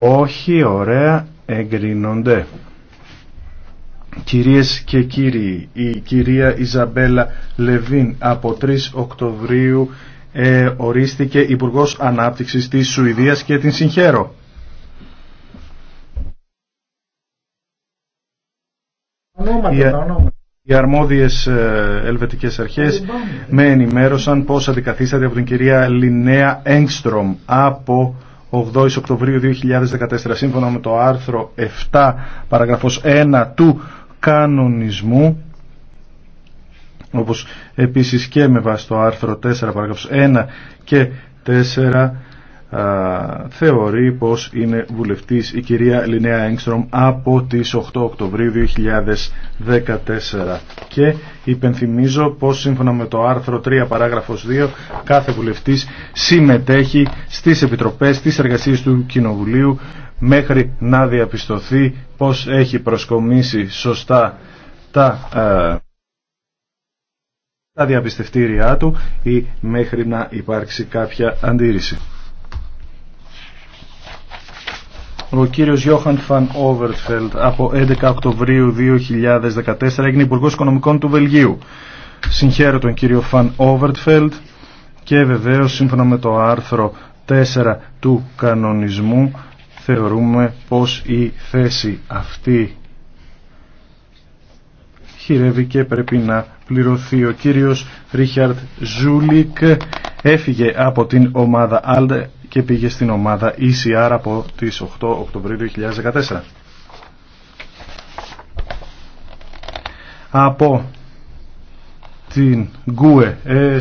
Όχι, ωραία, εγκρίνονται. Κυρίες και κύριοι, η κυρία Ιζαμπέλα Λεβίν από 3 Οκτωβρίου ε, ορίστηκε Υπουργός Ανάπτυξης της Σουηδίας και την συγχαίρω. Οι, οι αρμόδιες ε, ελβετικές αρχές ε, με ενημέρωσαν πως αντικαθίσταται από την κυρία Λινέα Έγκστρομ από 8 Οκτωβρίου 2014 σύμφωνα με το άρθρο 7 παραγραφός 1 του κανονισμού όπως επίσης και με βάση το άρθρο 4 παραγραφός 1 και 4 θεωρεί πως είναι βουλευτής η κυρία Λινέα Έγκστρομ από τις 8 Οκτωβρίου 2014 και υπενθυμίζω πως σύμφωνα με το άρθρο 3 παράγραφος 2 κάθε βουλευτής συμμετέχει στις επιτροπές της εργασίες του Κοινοβουλίου μέχρι να διαπιστωθεί πως έχει προσκομίσει σωστά τα ε, τα διαπιστευτήριά του ή μέχρι να υπάρξει κάποια αντίρρηση. Ο κύριος Γιώχαν Φαν Όβερφελτ από 11 Οκτωβρίου 2014 έγινε Υπουργός Οικονομικών του Βελγίου. Συγχαίρω τον κύριο Φαν Φαν-Οβερτφέλτ και βεβαίως σύμφωνα με το άρθρο 4 του κανονισμού θεωρούμε πως η θέση αυτή χειρεύει και πρέπει να πληρωθεί. Ο κύριος Ρίχαρτ Ζούλικ έφυγε από την ομάδα Άλντε και πήγε στην ομάδα ECR από τις 8 Οκτωβρίου 2014. Από την Γκουε, ε,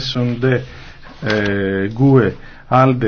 Άλντε,